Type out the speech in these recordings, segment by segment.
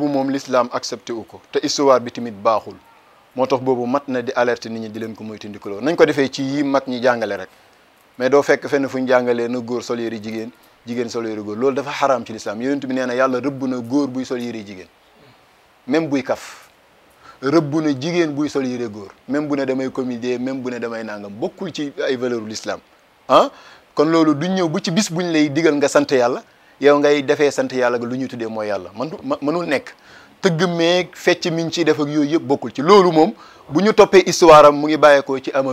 bu moom l'islam accepté wu ko te histoire bi tamit baaxul moo tax boobu mat na di alerte nit ñi di leen ko moytandikuloo nañ ko defee ci yi mag ñi jàngale rek mais doo fekk fenn fu ñu jàngalee na góor sol yëre jigéen jigéen sol yëre góor loolu dafa xaraam ci lislaam yonent bi nee na yàlla rëbb na góor buy sol yëre jigéen même buy kaf rëbb na jigéen buy sol yëre góor même bu ne damay comédie même bu ne damay nàngam bokkul ci ay valeur lislaam ah kon loolu duñ ñëw bu ci bis buñ lay digal nga sant yàlla yow ngay defee sant yàlla lu ñuy tuddee mooy yàlla man mënul nekk tëgg meeg fecc mi ñu ciy def ak yooyu yëpp bokkul ci loolu moom bu ñu toppee histoire am mu ngi bàyyeekoo ci ama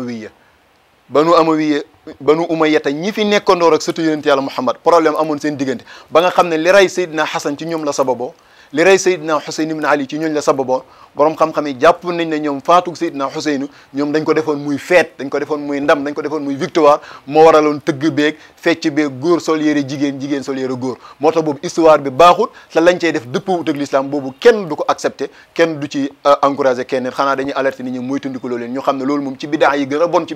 ba nu amawiya banu amawiya banu umayyata ñi fi nekkandoor ak sëtu yonent yàlla Muhammad problème amoon seen diggante ba nga xam ne li rey Seydina Hasan ci ñoom la sababoo li rey Seydina Xuseyn ibn Ali ci ñooñ la sababoon borom xam-xam yi jàpp nañ ne ñoom faatug Seydina Xuseyn ñoom dañ ko defoon muy feet dañ ko defoon muy ndam dañ ko defoon muy victoire moo waraloon tëgg beeg fecc beeg góor sol yére jigéen jigéen sol yére góor moo tax boobu histoire bi baaxut te lañ cey def dëppwut ak l'islam boobu kenn du ko accepté kenn du ci euh, encouragé kenn xanaa dañuy alerté nit ñi moytundi ko loolu leen ñu xam ne loolu moom ci bidaa a bon ci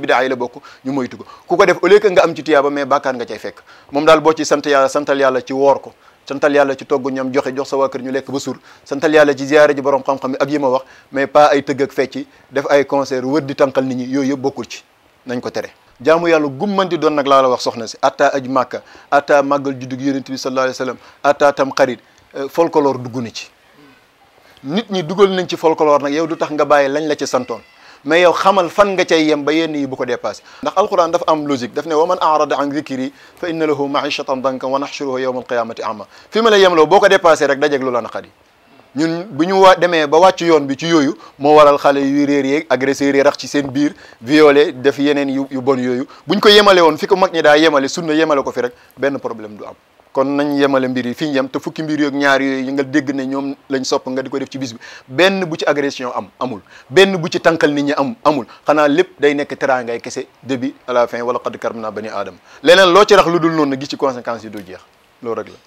nga am ci tuyaaba mais bàkkaar nga cay fekk moom daal boo ci santal yàlla ci togg ñam joxe jox sa waa kër ñu lekk ba suur santal yàlla ci ziyaare ji borom xam-xam yi ak yi ma wax mais pas ay tëgg ak fecci def ay concert wër di tànqal nit ñi yooyu yëpp bokkul ci nañ ko tere jaamu yàlla gumman di doon nag laa la wax soxna si atta aj màkka atta màggal juddug yonent bi sallallahu alayhi wasallam atta tam xarit euh, folklore dugg na ci nit ñi dugal nañ ci folklore nag yow du tax nga bàyyi lañ la ci santoon mais yow xamal fan nga cey yem ba yenn yi bu ko dépassé ndax alquran dafa am logique daf ne wa man arada an dhikri fa inna lahu maishatan dankan wa nahshuruhu yawma alqiyamati ama fi ma la yem boko dépassé rek dajeg loola naqari ñun buñu wa démé ba waccu yoon bi ci yoyu mo waral xale yu rër yi agresseur yi rax ci seen biir violé def yenen yu bon yoyu buñ ko yemale won fi ko mag ñi da yemale sunna yemale ko fi rek ben problème du am kon nañ yemale mbir yi fi ñu yem te fukki mbir yoog ñaar yooyu nga dégg na ñoom lañ sopp nga di ko def ci bis benn bu ci agression am amul benn bu ci tànkal nit ñi am amul xanaa lépp day nekk teraangay kese début à la fin wala xad karm naa bani aadama leneen loo ci rax lu dul noonu gis ci conséquence yi du jeex loolu rek la